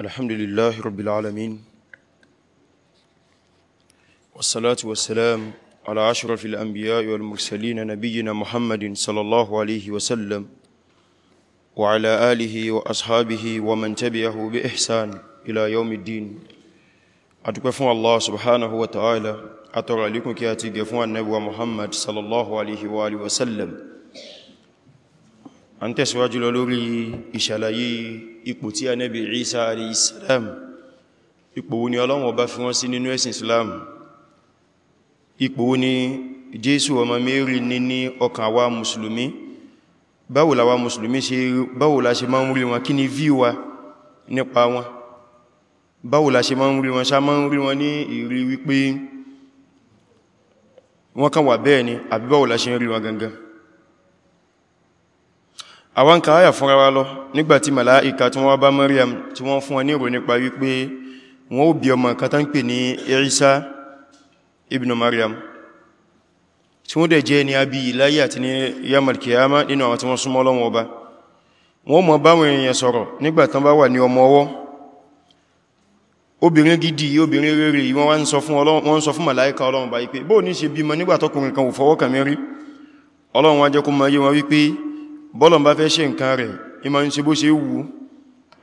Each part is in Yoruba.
الحمد لله رب العالمين والصلاة والسلام على أشرف الأنبياء والمرسلين نبينا محمد صلى الله عليه وسلم وعلى آله وأصحابه ومن تبعه بإحسان إلى يوم الدين أتكفون الله سبحانه وتعالى أترى لكم كي أتكفون النبوة محمد صلى الله عليه وآله وسلم أنت سواجل لوري إشالي ipò tí Ànábì Isa alayhi salam ipò wo ni Ọlọ́run ọba fi wọ́n sí nínú ẹ̀sìn Islam ipò wo ni Jésù ọmọ Mary ní ní ọkàn àwa mùsùlùmí báwo làwa mùsùlùmí ṣe báwo la ṣe máa ń rí wọn kí ni view wa nípa wọn báwo la ṣe máa ń rí wọn ṣá máa ní ìrí wípé wọ́n kàn wà bẹ́ẹ̀ ni àbí báwo ṣe ń rí wọn gangan àwọn kan áyà fúnra wa lọ nígbàtí màláìka tí wọ́n bá Maryam tí wọ́n fún wọn ní ìrò nípa wípé wọ́n ó bí ọmọ kan ní Isa ibn Maryam tí wọ́n dẹ̀ jẹ́ ní abí láyé àti ní yamal kiyama nínú àwọn tí wọ́n súnmọ́ Ọlọ́run Ọba wọ́n mọ̀ báwọn èèyàn sọ̀rọ̀ nígbàtán bá wà ní ọmọ ọwọ́ obìnrin gidi obìnrin rere wọ́n wá ń sọ fún màláìka Ọlọ́run bá wípé bóò wípé bọ́lọ̀ bá fẹ́ ṣe nǹkan rẹ̀ ìmọ̀ ń ṣe bó ṣe wù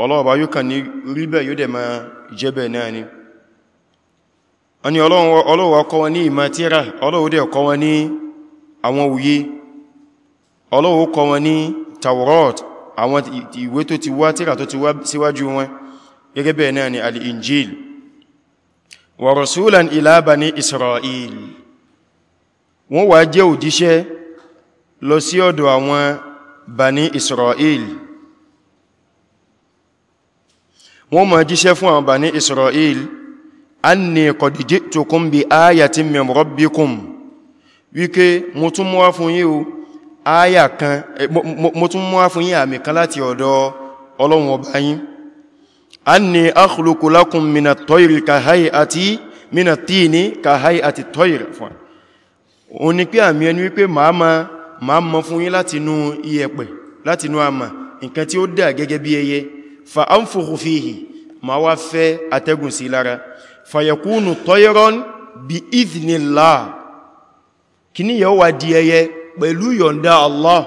ọlọ́ọ̀bá yóò kàn ní ríbẹ̀ yóò dẹ̀ máa jẹ́bẹ̀ náà ni a ni ọlọ́wọ́ ọkọ̀ wọn ní ìmọ̀ tíra ọlọ́wọ́ dẹ̀ wọn ní àwọn òye ọlọ́wọ́ kọ wọn ní injil wa rasulan ila bani Isra'il wọ́n wá jẹ́ lọ sí ọ̀dọ̀ àwọn bani israel wọ́n ma jíṣẹ́ fún àwọn bani israel anni qad ji'tukum bi ayatin min rabbikum wíké mo tún mú wá fún yín o áyà kan eh, mo tún mú wá fún yín àmì kan láti ọ̀dọ̀ ọlọ́run ọba yín anni akhluqu lakum minat toyri ka hay'ati minat tini ka hay'ati toyri fún ó pé àmì ẹni wípé màá máa ma mọ́ fún yín láti inú iyẹ̀pẹ̀ láti inú àmà nǹkan tí ó dà gẹ́gẹ́ bí ẹyẹ fa anfukhu fihi ma wá fẹ́ atẹ́gùn sí lára fa yakunu tayran bi idhnillah kíní yẹ wà di ẹyẹ pẹ̀lú yọ̀ǹda Allah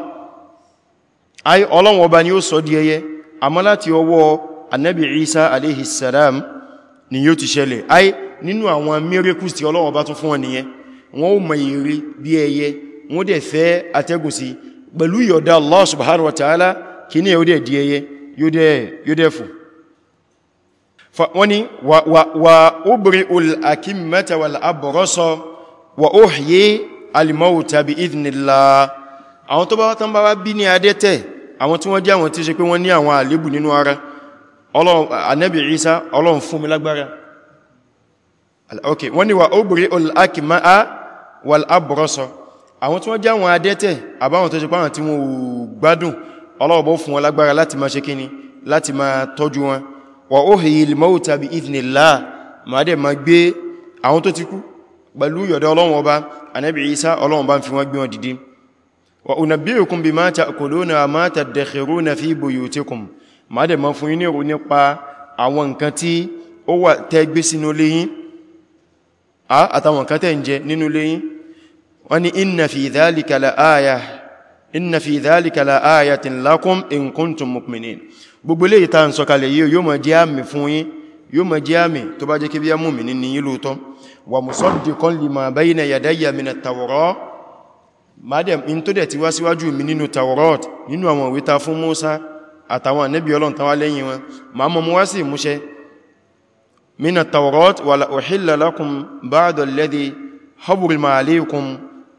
ay Ọlọ́run ọba ni ó sọ di ẹyẹ alayhi salam ni yóò ti ṣẹlẹ̀ ay nínú àwọn miracles tí Ọlọ́run ọba tún fún wọn nìyẹn wọ́n dẹ̀ fẹ́ atẹ́gùn sí pẹ̀lú yọ̀dá Allah subhanahu wa ta'ala kí ní ẹ̀yọ́ dẹ̀ di ẹyẹ yóò dẹ̀ fún wọ́n ni wa ubri'ul akimmata wal abrasa wa uhyi al mawta bi idhnillah àwọn wọ́n jẹ́ àwọn tí ṣe pé wọ́n ní àwọn tí wọ́n jẹ́ àwọn adẹ́tẹ̀ àbáwọn tó ṣe pàwọn tí wọ́n gbádùn Ọlọ́run bó fún wọn lágbára láti máa ṣe kíni láti máa tọ́jú wọn wa uhyil mauta bi idhnillah máa dẹ̀ máa gbé àwọn tó ti kú pẹ̀lú yọ̀dọ̀ Ọlọ́run ọba Ànábì Isa Ọlọ́run bá ń fi wọ́n gbé wọn dìde wa unabbi'ukum bima wani inna fi dhalika la aya inna fi dhalika la ayatin lakum in kuntum mu'minin gbogbo le ita nso kale yi yo ma jẹ́ àmì fún yín yo ma jẹ́ àmì tó bá jẹ́ kí biya mu'minin ni yilu to wa musaddiqan lima bayna yadayya min at-tawra madam in tó dé ti wá síwájú mi nínú tawrat nínú àwọn ìwé ta fún Musa àtàwọn nabi Ọlọ́run tan wá lẹ́yìn wọn ma mo mu wá sí muse min at-tawrat wala uhilla lakum ba'da alladhi habur ma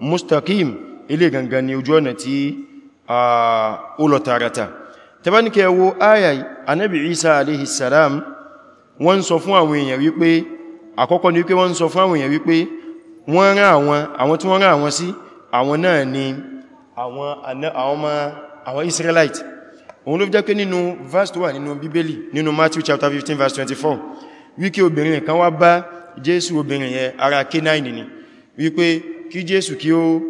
mustaqim ilé gangan ni ojú ọ̀nà tí ó lọ tààràtà tẹbánikẹ wo ayà anábì isa alayhi salam wọ́n sọ fún àwọn èèyàn wípé àkọ́kọ́ ni wípé wọ́n sọ fún àwọn èèyàn wípé wọ́n rán àwọn àwọn tí wọ́n rán àwọn sí àwọn náà ni àwọn ọmọ àwọn israelite òun ló fi jẹ́ pé nínú verse tó wà nínú bíbélì nínú matthew chapter 15 verse 24 wípé obìnrin kan wá bá jésù obìnrin yẹn ara Kénáánì ni wípé kí jésù kí ó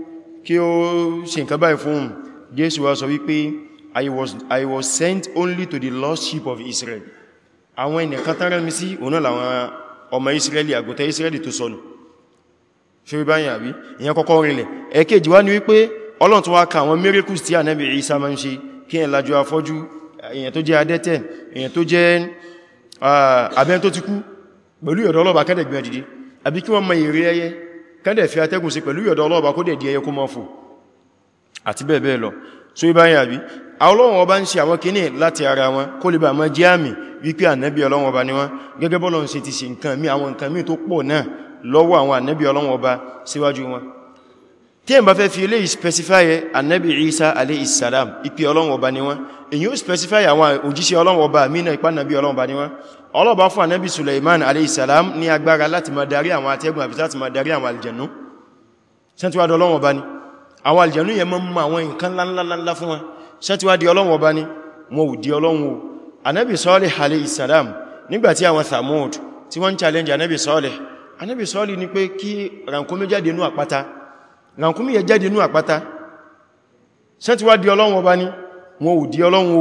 kí ó ṣe nǹkan báyìí fún jésù wá sọ wípé i was i was sent only to the lost sheep of israel àwọn ènìyàn tán rán mi sí ọ̀nà làwọn ọmọ israeli àgùntàn israeli tó sọnù ṣe báyìí àbí ìyẹn kọ́kọ́ rinlẹ̀ ẹ̀kejì wá ní wípé ọlọ́run tó wá ka àwọn miracles tí ànábì isa máa ń ṣe kí ẹ̀ lajú afọ́jú èyàn tó jẹ́ adẹ́tẹ̀ èyàn tó jẹ́ ah, abẹ́ tó ti kú pẹ̀lú ìrọ̀lọ́bà kẹ́dẹ̀gbẹ̀ dìde àbí kí wọ́n mọ èrè ẹyẹ kẹ́dẹ̀ fi atẹ́gùn sí pẹ̀lú yọ̀dọ̀ ọlọ́ọ̀bá kó dẹ̀ di ẹyẹ kó mọ́ fò àti bẹ́ẹ̀ bẹ́ẹ̀ lọ so ibá yà bí ọlọ́run ọba ń ṣe àwọn kìíní láti ara wọn kó lè bá mọ́ jẹ́ àmì wípé ànẹ́bí ọlọ́run ọba ni wọ́n gẹ́gẹ́ bọ́lọ̀ ń ṣe ti ṣe nǹkan mí àwọn nǹkan mí tó pọ̀ ipi ọlọ́run ọba ni wọ́n èyí ó specify àwọn òjíṣẹ́ ọlọ́run ọba mí ọlọ́bá fún ànábì Suleiman aleyhisalam ní agbára láti ma darí àwọn atẹ́gùn àbí láti ma darí àwọn aljannu sẹ́ntíwádìí Ọlọ́run Ọba ni àwọn aljannu yẹ mọ́ mọ́ àwọn nǹkan lánlánlá fún wọn sẹ́ntíwádìí Ọlọ́run Ọba ni wọn ò challenge ànábì Salih ànábì Salih ní pé kí rànkúmí jáde nú àpáta rànkúmí yẹ jáde nú àpáta sẹ́ntíwádìí Ọlọ́run Ọba ni wọn ò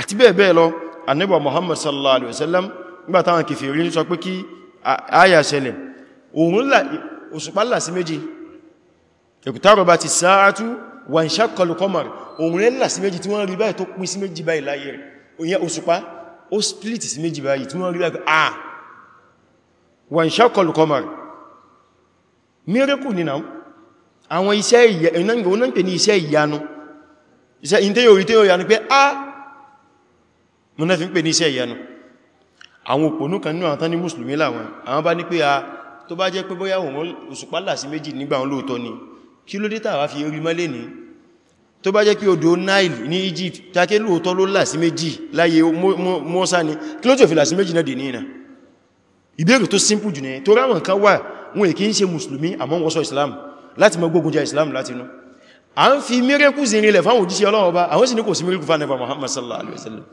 àti bẹ́ẹ̀ bẹ́ẹ̀ lọ annabi muhammad sallallahu alaihi wasallam nígbà táwọn kèfèrí sọ pé kí àyà ṣẹlẹ̀ òun òṣùpá là sí méjì ẹ̀kùtàrọ̀ bá ti sáàtú wà ń ṣàkọlù kọmar òun rẹ̀ là sí méjì tí wọ́n rí báyìí tó pín sí méjì báyìí láyé rẹ̀ òyìn òṣùpá ó split sí méjì báyìí tí wọ́n rí báyìí ah, à wà ń mo náà fi ń pè ní iṣẹ́ ìyanu àwọn òpònú kan ní àwọn ní mùsùlùmí láwọn àwọn bá ní pé a tó bá jẹ́ pé bóyá òun òṣùpá sí méjì nígbà òun lóòtọ́ ni kí ló dé tàwà fi orí mọ́lé ní tó bá jẹ́ pé odò Nile ní Egypt tàkẹ́ lóòtọ́ ló là sí méjì láyé Mọ́sá ni kí ló tí ò fi là sí méjì náà dè ní ìnà ìbéèrè tó simple jù ní tó ráwọn kan wà wọn èkí ń ṣe mùsùlùmí àmọ́ wọ́n sọ Islam láti mọ́ gbógun Islam láti inú à ń fi miracle zinrin lẹ̀ fáwọn òjíṣẹ́ Ọlọ́run ọba àwọn sì ní kò sí miracle fánẹ́fà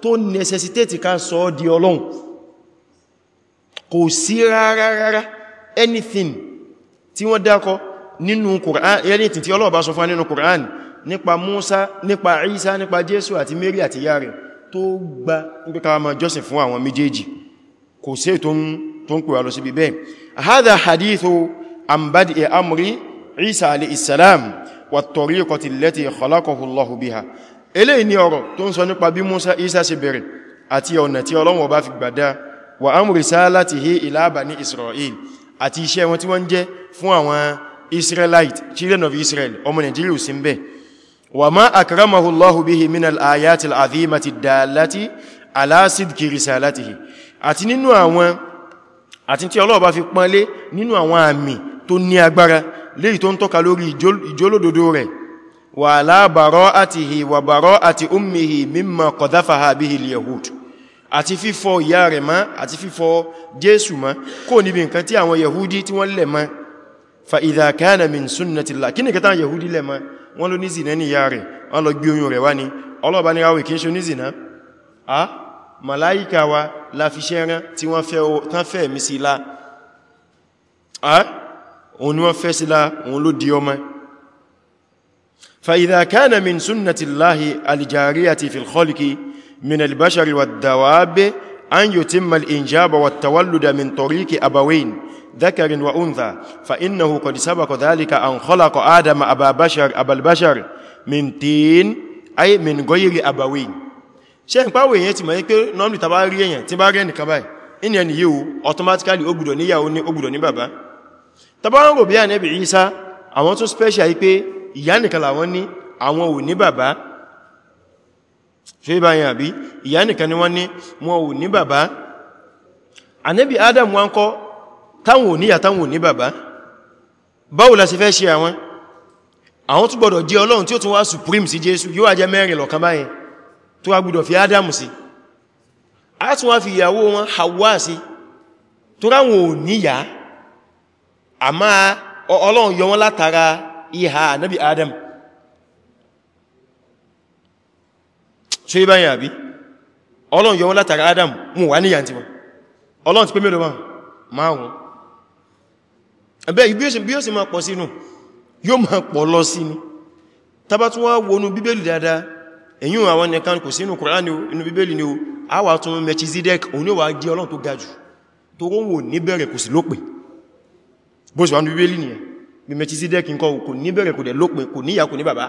tó necessitate ká sọ ọ́ di ọlọ́run kò sí rárárárá anything tí wọ́n dákọ nínú Qur'an anything tí Ọlọ́run bá sọ fún nínú Qur'an nípa Musa nípa Isa nípa Jésù àti Mary àti ìyá rẹ̀ tó gba nípa ma jọ́sìn fún àwọn méjèèjì kò sí tó ń pè wà lọ síbi bẹ́ẹ̀ hadha hadithu ambadi amri Isa alayhi salam wa at-tariqati allati khalaqahu Allah biha eléyìí ni ọ̀rọ̀ tó ń sọ nípa Musa Isa ṣe bẹ̀rẹ̀ àti ọ̀nà tí Ọlọ́run ọba fi gbàdá wa amri salatihi ila bani Israel ati iṣẹ́ wọn tí wọ́n jẹ́ fún àwọn Israelite children of Israel ọmọ Nigeria sí ń wa ma akramahu Allahu bihi min al-ayati al-azimati ad-dallati ala sidqi risalatihi àti nínú àwọn àti tí Ọlọ́run bá fi pọ́nlé nínú àwọn àmì tó ní agbára léyìí tó ń tọ́ka lórí ìjólódodo rẹ̀ وعلى براءته وبراءة أمه مما قذفها به اليهود àti fífọ ìyá rẹ̀ mọ́ àti fífọ Jésù mọ́ kò níbi nǹkan tí àwọn Yahudi tí wọ́n lẹ̀ mọ́ fa idha kana min sunnatillah kí ni kẹta Yahudi lẹ̀ mọ́ wọ́n ló ní ní ìyá rẹ̀ wọ́n lọ gbí oyún rẹ̀ wá ní ọlọ́ọ̀bá ní ráwẹ̀ kí ń a màláíkà wa la fi ṣẹ́ rán tí wọ́n fẹ́ mi sí la a òun ni wọ́n fẹ́ sí la òun ló di ọmọ فإذا كان من سنة الله الجارية في الخلق من البشر والدواب أن يتم الإنجاب والتولد من طريق أبوين ذكر وأنثى فإنه قد سبق ذلك أن خلق آدم أبا بشر أبا البشر من تين أي من غير أبوين ṣẹ́yìn pàwọ̀ èyàn ti mọ̀ ní pé normally tàbá rí èyàn tí bá rí ẹnìkan báyìí inú ẹni yíò automatically ó gbọ́dọ̀ níyàwó ní ó gbọ́dọ̀ ní bàbá tàbá ń rò bí i ànẹ́bì Ìsá àwọn tún special yí pé ìyá nìkan làwọn ní àwọn ò ní bàbá ṣe báyìí àbí ìyá nìkan ni wọ́n ní wọn ò ní bàbá ànábì adam wọn kọ́ táwọn ò ní ìyá táwọn ò ní bàbá báwo la ṣe fẹ́ ṣe àwọn àwọn tún gbọ́dọ̀ jẹ́ ọlọ́run tí ó tún wá supreme sí jésù yóò ajẹ́ mẹ́rin lọ̀kan báyìí tó wá gbọ́dọ̀ fi adam sí a tún wá fi ìyàwó wọn hawa sí tó ráwọn ò níyà àmá ọlọ́run yọ wọn látara ìhà nábi adam ṣe báyìí àbí ọlọ́run yọ wọ́n látara adam mú wà níyà tí wọ́n ọlọ́run ti pé mélòó wọn márùn-ún ẹ̀bẹ́ bí ó sì máa pọ̀ sínú yóò máa pọ̀ lọ sí ni tàbá tún wá wọnú bíbélì dáadáa èyí àwọn nìkan kò sínú Kùránì inú bíbélì ni ó àwà tún Melchizedek òní wà jẹ́ ọlọ́run tó gajù tó wọ́n wò ní bẹ̀rẹ̀ kò sí lópin bó sì wà ní bíbélì nìyẹn Mẹ̀mẹ̀tísídẹ́kì nǹkan kò ní bẹ̀rẹ̀ kò dẹ̀ lópin kò níyà kò ní bàbá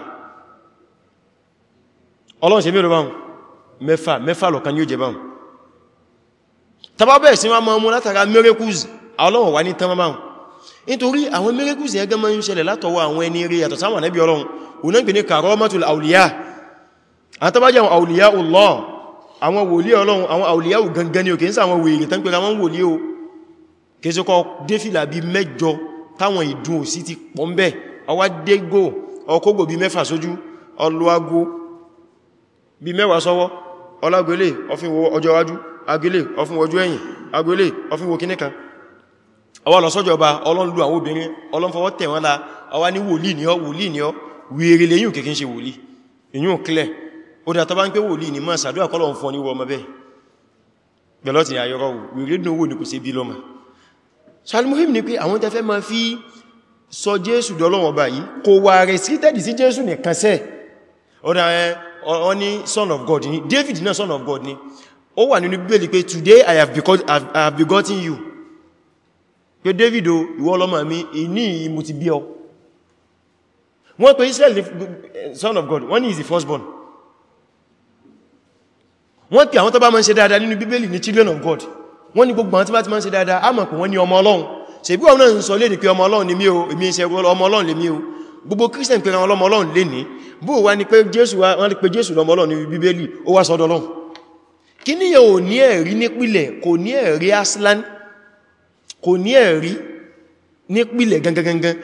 Ọlọ́run ṣe mẹ́rin báhùn mẹ́fà mẹ́fà lọ̀kan ní ó jẹ báhùn tàbábẹ̀ sí wọn mọ́ látara miracles Ọlọ́run wà ní tán báhùn nítorí àwọn miracles ẹgẹ́ mọ́ ń ṣẹlẹ̀ látọwọ́ àwọn ẹni rí yàtọ̀ sáwọn ẹbí Ọlọ́run òun náà gbìnní karamatul awliya àwọn tàbájá àwọn awliya Allah àwọn wòlíì Ọlọ́run àwọn táwọn ìdún òsí ti pọ̀ ń bẹ̀ ọwá dégò ọkógò bí mẹ́fà sójú ọlọ́ago bí mẹ́wàá sọ́wọ́ ọlágbélé ọfin wo ọjọ́ wájú agélé ọfin wo ọjọ́ ẹ̀yìn agélé ọfin wo kíníkan ọwá lọ sọ́jọba ọlọ́nlú àwọn obìnrin ọlọ́nfọwọ́ tẹ̀ wọ́n la ọwá ní wòlíì ni ọ wòlíì ni ọ wèrè lẹ́yìn salmuhim ni pé àwọn tẹfẹ́ ma fi sọ jésù dọ́lọ́wọ́ báyìí kò wà restricted sí jésù nìkan sẹ́ ọ̀dá ẹ ọ ní son of god ni david náà son of god ni ó wà nínú bíbélì pé today i have because I have begotten you pé david o ìwọ ọlọ́mọ mi ìní mo ti bí ọ wọ́n pé israel son of god One is the firstborn wọ́n pè àwọn tó bá máa ń ṣe dáadáa nínú bíbélì ní children of god wọ́n ní gbogbo àwọn tí bá ti máa ń ṣe dáadáa a mọ̀ pé wọ́n ní ọmọ ọlọ́run ṣe bí ọ̀nà ń sọ lè ní pé ọmọ ọlọ́run ni mí o èmi ṣe ọmọ ọlọ́run lè mí o gbogbo christian pé ọmọ ọlọ́run lè ní bó wá ní pé jésù wá ní ni yẹn ò ní ẹ̀rí nípìlẹ̀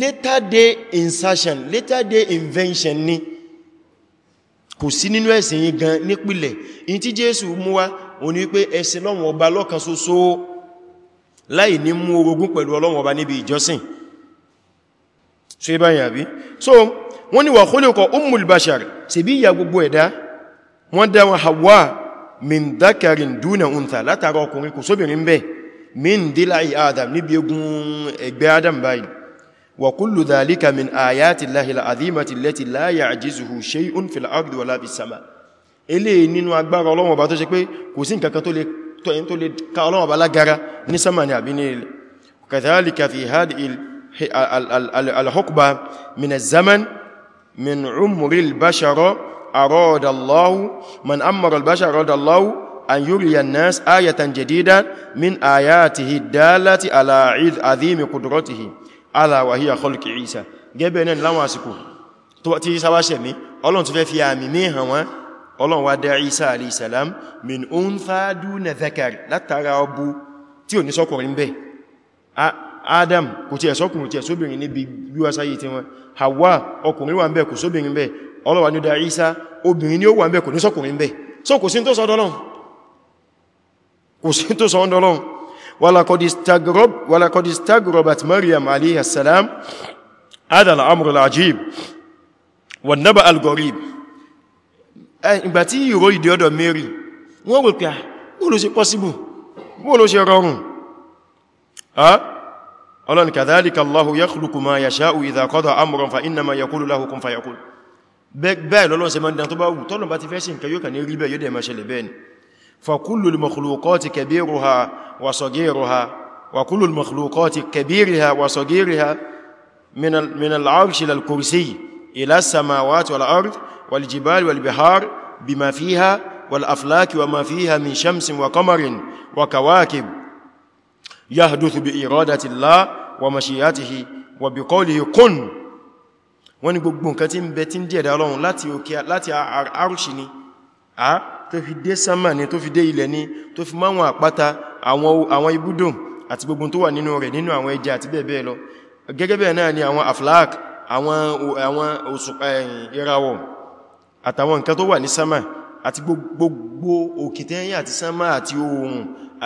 later day insertion later day invention ni kò sí nínú ẹ̀sìn yìí gan nípìlẹ̀ in tí o ní pé ẹsìn lọ́wọ́n ọba lọ́kan ṣoṣo láì ní mú orogún pẹ̀lú ọlọ́wọ́n ọba níbi ìjọsìn ṣe báyìí àbí so wọ́n ni wà khuliqa ummul bashar sì bí ìyà gbogbo ẹ̀dá wọ́n dá wọn Hawa min duna untha látara ọkùnrin kò sóbìnrin bẹ́ min eléyìí nínú agbára Ọlọ́run Ọba tó ṣe pé kò sí nǹkan kan tó lè tó lè ká Ọlọ́run Ọba lágara ní sánmà ní àbí ní ilẹ̀ kadhalika fi hadhihi al-hukba min az-zaman min umri al-bashara arada Allahu man amara al-bashara arada Allahu an yuriya an-nas ayatan jadida min ayatihi ad-dallati ala 'azimi qudratihi ala wa hiya khalqi Isa gẹ́bẹ̀ẹ́ náà láwọn àsìkò tó tí sáwáṣẹ̀mí Ọlọ́run tó fẹ́ fi àmì ní hàn wọ́n ọlọ́run wá dá Isa alayhi salam min untha duna dhakar látara ọbú tí ò ní sọ́kùnrin bẹ́ Adam kò tí ẹ̀ sọ́kùnrin tí ẹ̀ sóbìnrin níbi usaid tí wọ́n Hawa ọkùnrin wà ń bẹ kò sóbìnrin bẹ́ ọlọ́wà ní dá Isa obìnrin ni ó wà ń bẹ kò ní sọ́kùnrin bẹ́ so kò sí tó sọ ọdọ́lọ́run kò Eh, ìgbà tí ìró ìdí ọ̀dọ̀ Mary wọ́n rò pé à ah, bóòlò ṣe possible bóòlò ṣe rọrùn ah, ọlọ́n kadhalika Allahu yakhluqu ma yasha'u idha qada amran fa innama yaqulu lahu kun fayakun bẹ́ẹ̀ lọ́lọ́n ṣe máa dán tó bá wù tọ́lọ̀ bá ti fẹ́ sí nǹkan yóò kà ní rí bẹ́ẹ̀ yóò dẹ̀ máa fa kullu والجبال والبحار بما فيها والأفلاك وما فيها من شمس وقمر وكواكب يحدث بإرادة الله ومشيئته وبقوله كن wọ́n ni gbogbo nǹkan tí ń bẹ tí ń díẹ̀dá ọlọ́run láti òkè láti àrùsì ni a tó fi dé sánmà ni tó fi dé ilẹ̀ ni tó fi máwọn àpáta àwọn ibùdó àti gbogbo tó wà nínú rẹ̀ nínú àwọn ẹja àti bẹ́ẹ̀ lọ gẹ́gẹ́ bẹ́ẹ̀ náà ni àwọn aflak àwọn òṣùpá ìràwọ̀ àtàwọn nǹkan tó wà ní sánmà àti gbogbo òkìtẹ́yìn àti sánmà àti ohun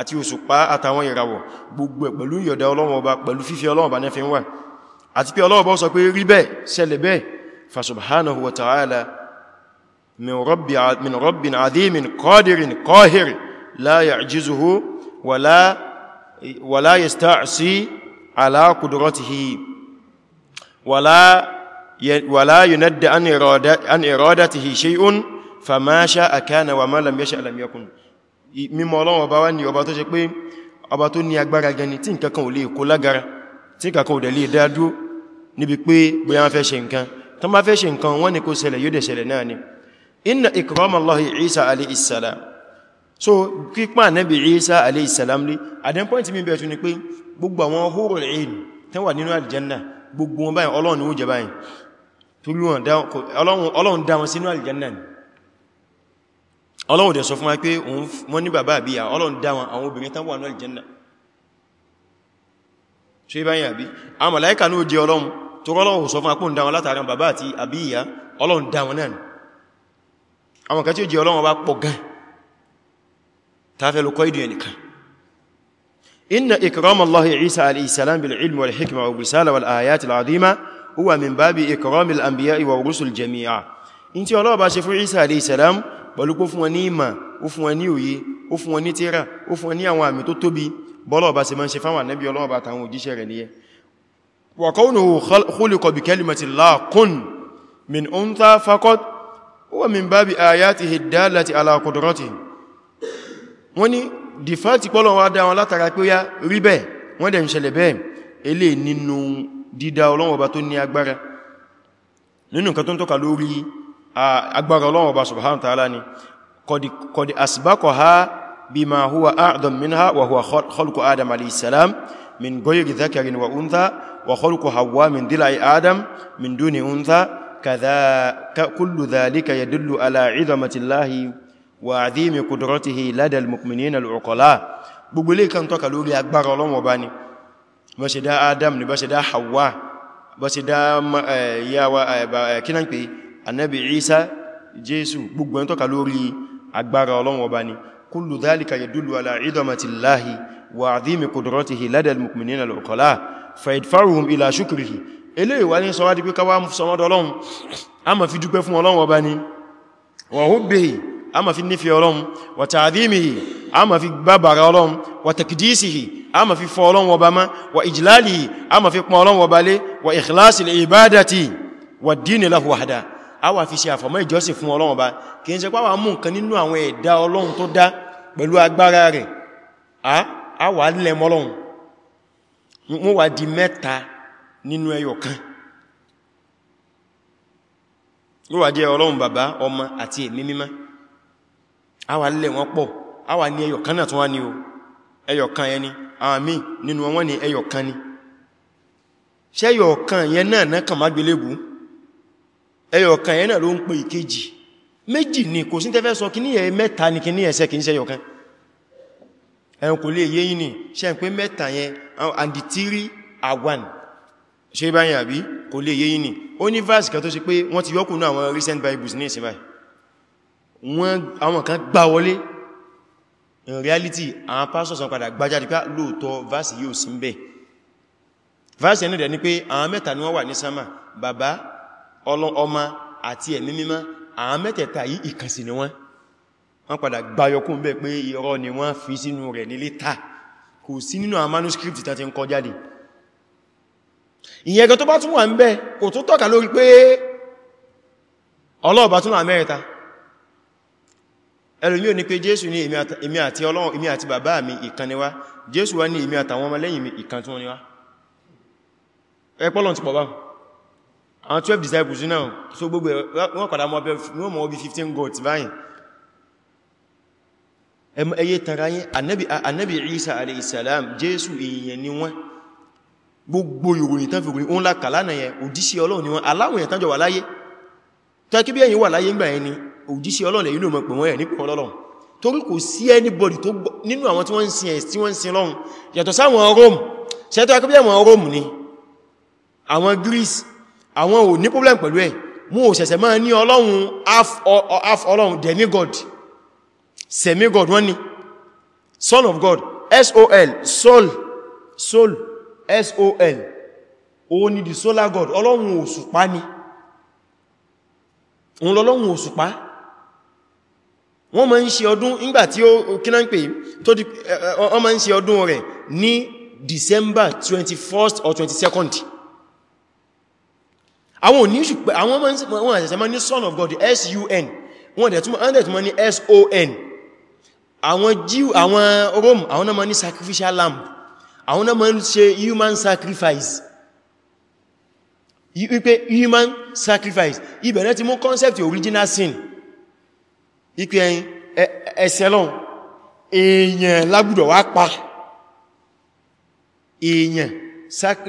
àti òṣùpá àtàwọn ìràwọ̀ gbogbo ẹ̀ pẹ̀lú ìyọ̀dá Ọlọ́run Ọba pẹ̀lú fífẹ́ Ọlọ́run Ọba nẹ́fin wà àti pé Ọlọ́run Ọba sọ ولا يند عن إرادة عن إرادته شيء فما شاء كان وما لم يشاء لم يكن mímọ̀ Ọlọ́run ọba wá ní ọba tó ṣe pé ọba tó ní agbára gani tí nǹkankan ò lè kó lágara tí nǹkankan ò dẹ̀ lè dádúró níbi pé bóyá wọ́n fẹ́ ṣe nǹkan tó má fẹ́ so kípa Nabi Isa alayhi salam lé àdán pọ́ìntì mi bẹ̀ẹ̀ tún ni pé gbogbo àwọn hóró rẹ̀ tán wà nínú àlìjẹ́nnà gbogbo wọn báyìí ni ó jẹ báyìí torí wọn ọlọ́run dá wọn sínú aljanna ni ọlọ́run dẹ̀ sọ fún wa pé wọ́n ní bàbá àbí à ọlọ́run dá wọn àwọn obìnrin tán wà ní aljanna ṣe báyìí àbí àwọn màláíkà ní ó jẹ ọlọ́run tó rọ́lọ́run sọ fún wa pé ń dá wọn látàrí bàbá àti àbí ìyá ọlọ́run dá wọn náà ni huwa min babi ikramil anbiya'i wa rusul jami'a in tí Ọlọ́run bá ṣe fún Isa alayhi salam pẹ̀lú kó fún wọn ní ìmọ̀ ó fún wọn ní òye ó fún wọn ní tírà ó fún wọn ní àwọn àmì tó tóbi bọ́lọ́run bá ṣe máa ń ṣe fáwọn ànábì Ọlọ́run bá tàwọn òjíṣẹ́ rẹ̀ wa kaunuhu khuliqa bi kalimati la kun min untha faqat huwa min babi ayatihi dallati ala qudratihi wọ́n ní dìfáàtì pọ́lọ̀ wá dá wọn látara pé ó yá rí bẹ́ẹ̀ wọ́n dẹ̀ ń dídá Ọlọ́run Ọba tó ní agbára nínú nǹkan tó ń tọ́ka lórí agbára Ọlọ́run Ọba subhanahu wa ta'ala ni qad asbaqaha bima huwa a'dham minha wa huwa khalqu adam alayhi salam min ghayri dhakarin wa untha wa khalqu hawa min dilai adam min duni untha kadha kullu dhalika yadullu ala 'idhamati wa 'azimi qudratihi lada al-mu'minina gbogbo ilé kan tọ́ka lórí agbára Ọlọ́run ni bá ṣe dá adam ní bá ṣe dá hawa bá ṣe dá eh, yawa eh, eh, kí náà pé annabi isa jesu gbogbo ẹn tọ́ka lórí agbára ọlọ́run ọba ni kullu dhalika yadullu ala idamatillahi wa azimi qudratihi ladal mu'minina al-uqala fa idfaruhum ila shukrihi eléyìí wá ní sọwádìí pé káwàá sọmọ́dọ̀ a ma fi bàbàrà ọlọ́run wa takdisihi a ma fi fọ́ ọlọ́run wọba ma wa ijlalihi a ma fi pọn ọlọ́run wọba lé wa ikhlasi li ibadati wa dini lahu wahda a wà fi ṣe àfọ̀mọ́ ìjọsìn fún ọlọ́run ọba kì í ṣe pàwà mú nǹkan nínú àwọn ẹ̀dá ọlọ́run tó dá pẹ̀lú a wà lẹ́mọ́ ọlọ́run pọ̀ a wà ní ẹyọ̀kan náà tún wá ní o ẹyọ̀kan ẹni àmì nínú wọn ni ẹyọ̀kan ni ṣe ẹyọ̀kan yẹn náà náà kàn má gbélébù ẹyọ̀kan yẹn náà ló ń pè ìkejì méjì ni kò sí tẹ́fẹ́ sọ kíní ẹ mẹ́ta ni kíní ẹsẹ kìí ṣe ẹyọ̀kan ẹ̀rùn kò lè yéyìn ni ṣe ń pé mẹ́ta yẹn and the three are one ṣe báyìí àbí kò lè yéyìn ni ó ní verse kan tó ṣe pé wọ́n ti yọ́kùnú àwọn recent Bibles ní ìsinmi àwọn kan gbà wọlé in reality àwọn pastors wọn padà gbájáde pé ah, lóòtọ́ vásì yóò sí ń bẹ̀ vásì ẹni rẹ̀ ni pé àwọn mẹ́ta ni wọ́n wà ní sánmà bàbá ọmọ àti ẹ̀mí mímọ́ àwọn mẹ́tẹ̀ẹ̀ta yìí ìkànsì ni wọ́n wọ́n padà gbáyọkún bẹ́ pé irọ́ ni wọ́n fi sínú rẹ̀ ní lẹ́tà kò sí nínú àwọn manuscript tán ti ń kọ jáde ìyẹn gan tó bá tún wà ń bẹ kò tún tọ́ka lórí pé ọlọ́ọ̀bá tún wà mẹ́rẹ̀ta ẹlòmí ò ní pé jésù ní èmi àti ọlọ́run èmi àti bàbá mi ìkan ni wá jésù wá ní èmi àtàwọn ọmọ lẹ́yìn mi ìkan tí wọ́n ni wá ẹpọ́lọ̀n ti pọ̀ bá àwọn 12 disciples náà so gbogbo wọn kọ̀dá mọ́ bí 15 goats báyìí ẹyẹ tara yín ànábì Isa alayhi salam jésù èèyàn ni wọ́n gbogbo ìròyìn tán fi ròyìn òun lákàlánà yẹn òjíṣẹ́ ọlọ́run ni wọ́n aláwòyàn òjíṣẹ́ ọlọ́run yìí ló mọ̀ pé wọ́n yẹ̀ nípò ọlọ́run torí kò sí anybody tó nínú àwọn tí wọ́n ń sin ẹ̀sì tí wọ́n ń sin lọ́run yàtọ̀ sáwọn Rome ṣẹ́tọ́ akẹ́bí àwọn Rome ni àwọn Greece àwọn ò ní problem pẹ̀lú ẹ̀ mú ò ṣẹ̀ṣẹ̀ máa ní ọlọ́run half ọlọ́run demigod semigod wọ́n ni son of God sol sol sol sol o ni the solar god ọlọ́run òṣùpá ni òun lọ́lọ́run òṣùpá wọ́n ma ń ṣe ọdún ìgbàtí ó kíná ń pè tó di wọ́n ma ń ṣe ọdún rẹ̀ ní December 21st or 22nd àwọn òní ṣùgbọ́n àwọn wọ́n àṣẹ̀ṣẹ̀ ma ní son of God S-U-N wọ́n dẹ̀ túnmọ̀ ní S-O-N àwọn Jew àwọn Rome àwọn náà ma ní sacrificial lamb àwọn náà ma ń ṣe human sacrifice wípé human sacrifice ibẹ̀rẹ̀ ti mú concept original sin ipe ẹyin ẹsẹ̀ lọ́n èèyàn lágbùdọ̀ wá pa èèyàn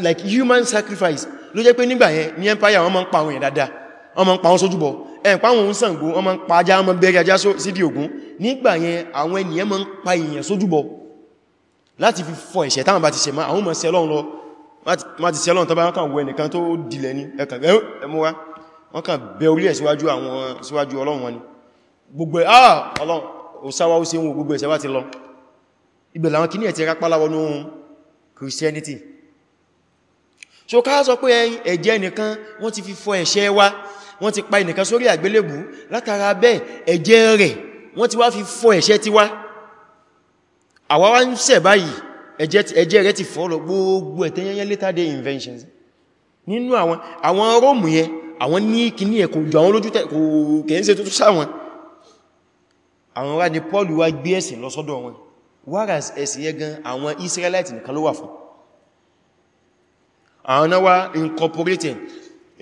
like human sacrifice ló jẹ́ pé nígbà yẹn ní empire wọ́n máa ń pa àwọn èèyàn dáadáa wọ́n máa ń pa wọ́n sójúbọ ẹ̀pá àwọn ohun Ṣàngó wọ́n máa ń pa ajá wọ́n máa ń bẹ̀rẹ̀ ajá sídi Ògún nígbà yẹn àwọn ènìyàn máa ń pa èèyàn sójúbọ láti fi fọ ẹ̀ṣẹ̀ táwọn bá ti ṣe máa àwọn máa ṣe lọ gbogbo ah ọlọ́n òsáwá ó sí ohun gbogbo ẹ̀sẹ̀ wá ti lọ ibẹ̀ làwọn kìíní ẹ̀ ti rápálá wọnú Christianity so ká sọ pé ẹ̀jẹ̀ nìkan wọ́n ti fi fọ ẹ̀ṣẹ̀ wa wọ́n ti pa ẹnìkan sórí àgbélébù látara bẹ́ẹ̀ ẹ̀jẹ̀ rẹ̀ wọ́n ti wá fi fọ ẹ̀ṣẹ̀ ti fọ́ lọ gbogbo ẹ̀tẹ́yẹnyẹ inventions nínú àwọn àwọn róòmù yẹn àwọn ní kìíní ẹ̀kọ̀ jù àwọn lójú tẹ́ kò kẹ́ ń ṣe sáwọn àwọn wá ní Paul wá gbé ẹ̀sìn lọ sọ́dọ̀ wọn whereas ẹ̀sìn yẹ gan àwọn Israelite nìkan ló wà fún àwọn náà wá incorporating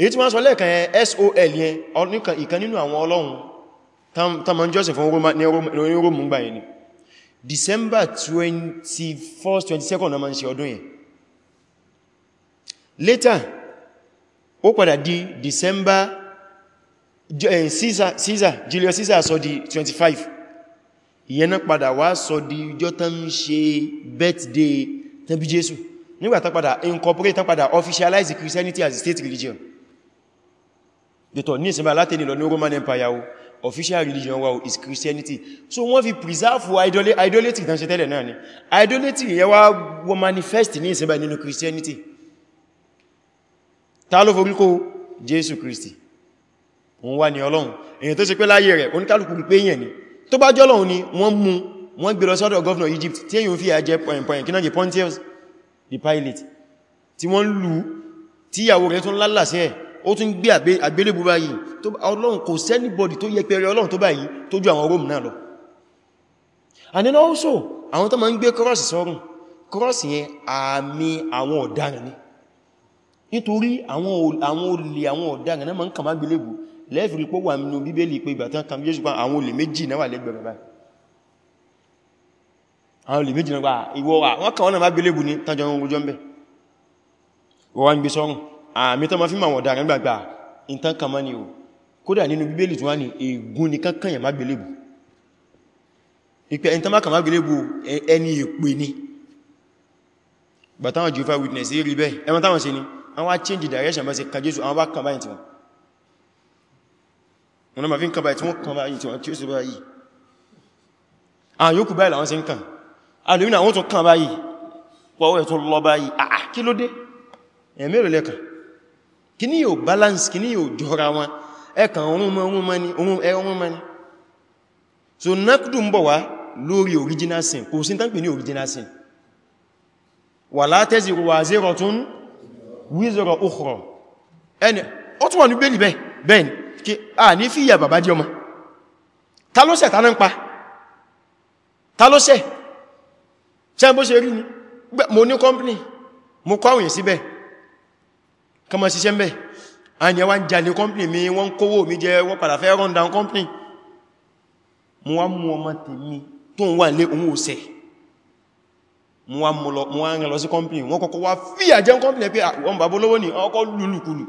èyí tí wọ́n sọ lẹ́ẹ̀kan yẹn sol yẹn ọ̀nìkan ìkan nínú àwọn ọlọ́run tamman joseph ní rómù gbà yẹn ni December 21st 22nd na ma ń ṣe ọdún yẹn later ó padà di December eh, Caesar Julius Caesar sọ di 25 ìyẹn padà wá sọ di ọjọ́ tán ń ṣe birthday tán bí Jésù nígbà tán padà incorporate tán padà officialize Christianity as a state religion dẹ̀tọ̀ ní ìsinmi alátẹni lọ ní Roman Empire o official religion wa is Christianity so wọ́n fi preserve idolatry tán ṣe tẹ́lẹ̀ náà ni idolatry yẹ wá wọ́n manifest ní ìsinmi nínú Christianity ta ló forúkọ Jésù Kristi wọ́n wá ní Ọlọ́run èyàn tó ṣe pé láyé rẹ̀ oníkálùkù pé èyàn ni tó bá jọ́ lọ́hun ni wọ́n mú wọ́n gbèrò sọ́dọ̀ gọ́ọ̀nà Egypt tí èyí ń fi àjẹ́ pọ̀yìnpọ̀yìn kí náà jẹ́ Pontius the Pilate tí wọ́n lù tí ìyàwó rẹ̀ tún lálàsẹ́ ẹ̀ ó tún gbé àgbélébù báyìí Ọlọ́run kò sẹ́nìbọ̀dì tó yẹ pẹ̀rẹ̀ Ọlọ́run tó báyìí tó ju àwọn Rome náà lọ and then also àwọn tó ma ń gbé kọ́rọ̀sì sọ́rùn kọ́rọ̀sì yẹn àmì àwọn ọ̀daràn ni nítorí àwọn olè àwọn ọ̀daràn náà ma ń kàmá gbélébù lẹ́fìrí pó wà nínú bíbélì pé ìgbà tán kàmí jésù pa àwọn olè méjì náà wà lẹ́gbẹ̀rẹ̀ báyìí àwọn olè méjì náà wà ìwọ wà wọ́n kàwọn náà má gbélé bù ní tàjọ ohun ojú ọmọ wọ́n wá ń gbé sọ́run àmì tán ma fi màwọn ọ̀daràn ìtàn kàmá ni ni gbàtàwọn Jehovah Witness rí bẹ́ẹ̀ ẹmọ táwọn ṣe ni wọ́n change direction bá ṣe kàjésù àwọn bá wọn ma fi ń kàn báyìí tí wọ́n kàn báyìí tí wọ́n tí ó sì báyìí àwọn yóò kù báyìí làwọn sí ń kàn alìmínà àwọn tún kàn báyìí pọ̀wọ́ ẹ̀ tó lọ báyìí àà kí ló dé ẹ̀mí rẹ̀ lẹ́kàn kí ní yóò balance kí ní yóò jọra wọn ẹ̀kàn orun mani orun mani so nákùdù ń bọ̀ wá lórí original sin kò sí tánpẹ̀ ní original sin wà látẹ́sì wà zero tún wízọrọ̀ òkùrọ̀ ẹni ó tún à ní fíyà bàbá jẹ ọmọ ta ló ṣẹ̀ ta náà ń pa ta ló ṣẹ̀ ṣe bó ṣe rí ni mo ní company mo kọ́ àwòyìn síbẹ̀ kọmọ síṣẹ́ mẹ́ àyẹ̀ wá ń jà ní company mi wọ́n kówó mi jẹ wọ́n padà fẹ́ run down company mo wá mú ọmọ tèmi tó ń wà lé òun ò ṣẹ̀ mo wá mú lọ mo wá rìn lọ sí company wọ́n kọ́kọ́ wá fíyà jẹ́ company pé wọ́n bàbá olówó ní ọkọ̀ lùlùkulù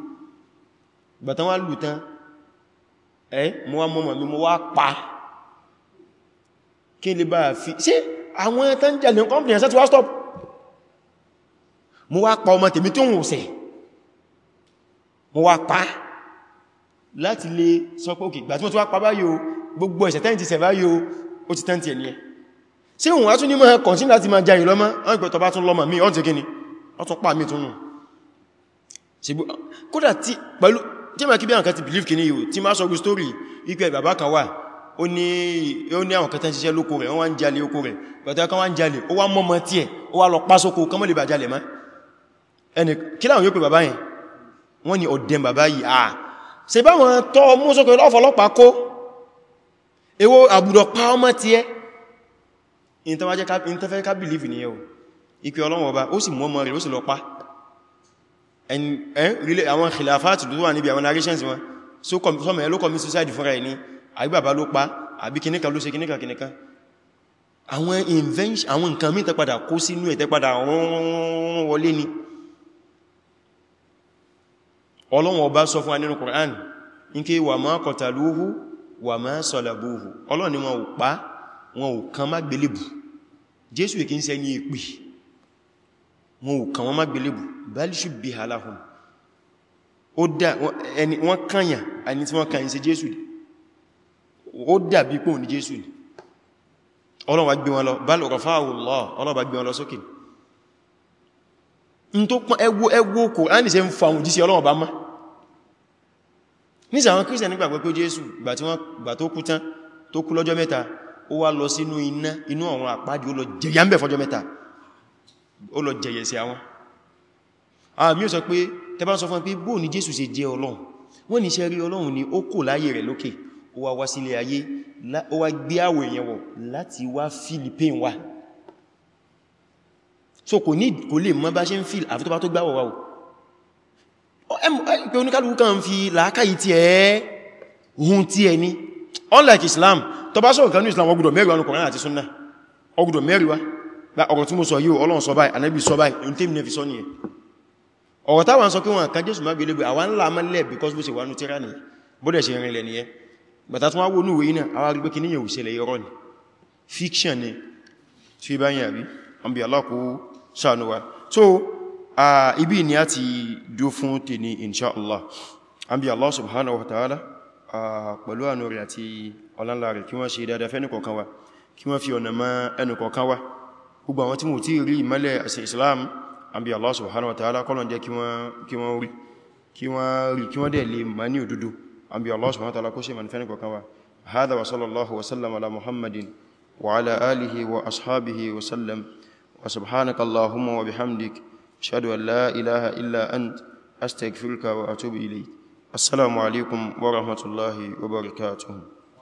gbàtán wá lù mo wá mọ́mọ̀ mi mo wá pa kí lè bá fi ṣe àwọn ẹ̀tẹ́ ń jẹ́lẹ̀ company ẹ̀sẹ́ ti wá stop mo wá pa ọmọ tèmi tí ó ń sẹ̀ mo wá pa láti lè sọ pé òkè gbà tí mo ti wá pa báyìí o gbogbo ẹ̀ṣẹ̀ tẹ́ntì sẹ̀ báyìí o ó ti tẹ́ntì ẹ̀lẹ́ ṣe òun á tún ní máa kọ̀nsí láti máa jayìn lọ́mọ́ ọ́n ìgbẹ̀tọ̀ bá tún lọ́mọ̀ mi ọ́n ti gíní ọ́n tún pà mí tún nù tí ma kí bí àwọn kan ti believe kì ní ihò tí ma sọ story ipẹ́ bàbá kan wà ó ní àwọn kan tán ṣiṣẹ́ lóko rẹ̀ wọ́n ń jalè oko rẹ̀ pẹ̀tẹ́ kan wá ń jalè ó wá mọ́mọ́ tí ẹ̀ ó wá lọ pásókò kan mọ́ lè bà jalè má ẹni kí láwọn yóò pè bàbá yẹn ah, believe nìyẹn o ìpẹ́ ọlọ́wọ́ ọba ó sì mú pa Eh, àwọn khilafati tó wà níbi àwọn narrations wọn so sọmọ̀ ẹlò commit suicide fúnra ẹni àbí bàbá ló pa àbí kìníkan ló ṣe kìníkan kìníkan àwọn invention àwọn nǹkan mí tẹ́padà kó sínú ẹ̀ tẹ́padà wọlé ni ọlọ́wọ̀n ọba sọ fún wa nínú Qur'an ní kí wa ma qataluhu wa ma salabuhu ọlọ́ni wọn ò pa wọn ò kan má gbélébù Jésù ìkínsẹ́ ní ìpì wọn ò kàn wọ́n má gbélébù bal shubbiha lahum ó dà ẹni wọ́n kànyà ẹni tí wọ́n kànyà sí jésù ó dà bí pò ní jésù Ọlọ́run gbé wọn lọ bal rafa'ahu Allah Ọlọ́run wá gbé wọn lọ sókè n tó pọ́n ẹgbó ẹgbó kò á nìṣẹ́ ń fa òun jíṣẹ́ Ọlọ́run bá má níṣẹ́ àwọn kírísẹ̀ nígbàgbọ́ pé jésù gbà tó kú tán tó kú lọ́jọ́ mẹ́ta ó wá lọ sínú iná inú àwọn àpáàdì ó lọ jẹ̀yà ń bẹ̀ fọ́jọ́ mẹ́ta ó lọ jẹyẹ sí àwọn àmì ò sọ pé tẹbá sọ fún pé bóò ní Jésù ṣe jẹ́ Ọlọ́run wọ́n ní ṣe rí Ọlọ́run ni ó kò láyé rẹ̀ lókè ó wá wá sílé ayé ó wá gbé àwọ̀ èèyàn wọ̀ láti wá Philippine wá so kò ní kò lè mọ́ bá ṣe ń fíl àfi tó bá tó gbáwọ̀ wá o pé oníkálùkù kan fi làákàyè ti ẹ̀ hun ti ẹni unlike Islam tó bá sọ̀rọ̀ kan ní Islam ó gbọ́dọ̀ mẹ́rin wa ní Kùránì àti Sunnah ó gbọ́dọ̀ mẹ́rin wa ọ̀rọ̀ tí mo sọ yíò ọlọ́run sọ báyìí anábì sọ báyìí ní tèmi nẹ́fi sọ ní ẹ̀ ọ̀rọ̀ táwọn sọ kí wọn ká jésù má gbélébé àwọn ńlá máa lẹ́ because bó ṣe wà ní tíra ní bódẹ̀ ṣe rìnlẹ̀ ní ẹ bàtà tún wáwó ní ìwé náà àwọn arígbé kí níyàn òṣèlẹ̀ irọ́ ni fiction so ibi ni a ti dó fún tèmi inṣáàlá àbí Allah subhanahu wa ta'ala pẹ̀lú àánú rẹ̀ àti ọlánlá rẹ̀ kí wọ́n ṣe dáadáa fẹ́nìkọ̀ọ̀kan wa kí wọ́n fi ọ̀nà mọ́ ẹnìkọ̀ọ̀kan wa gbogbo àwọn tí mo ti rí ìmọ́lẹ̀ ẹ̀sìn Islam àbí Allah subhanahu wa ta'ala kọ́lọ̀ jẹ́ kí wọ́n rí kí wọ́n rí kí wọ́n dẹ̀ lè mọ̀ ní òdodo àbí Allah subhanahu wa ta'ala kó ṣe manifẹ́ni kọ̀kan wa hadha wa sallallahu wa sallam ala muhammadin wa ala alihi wa ashabihi wa sallam wa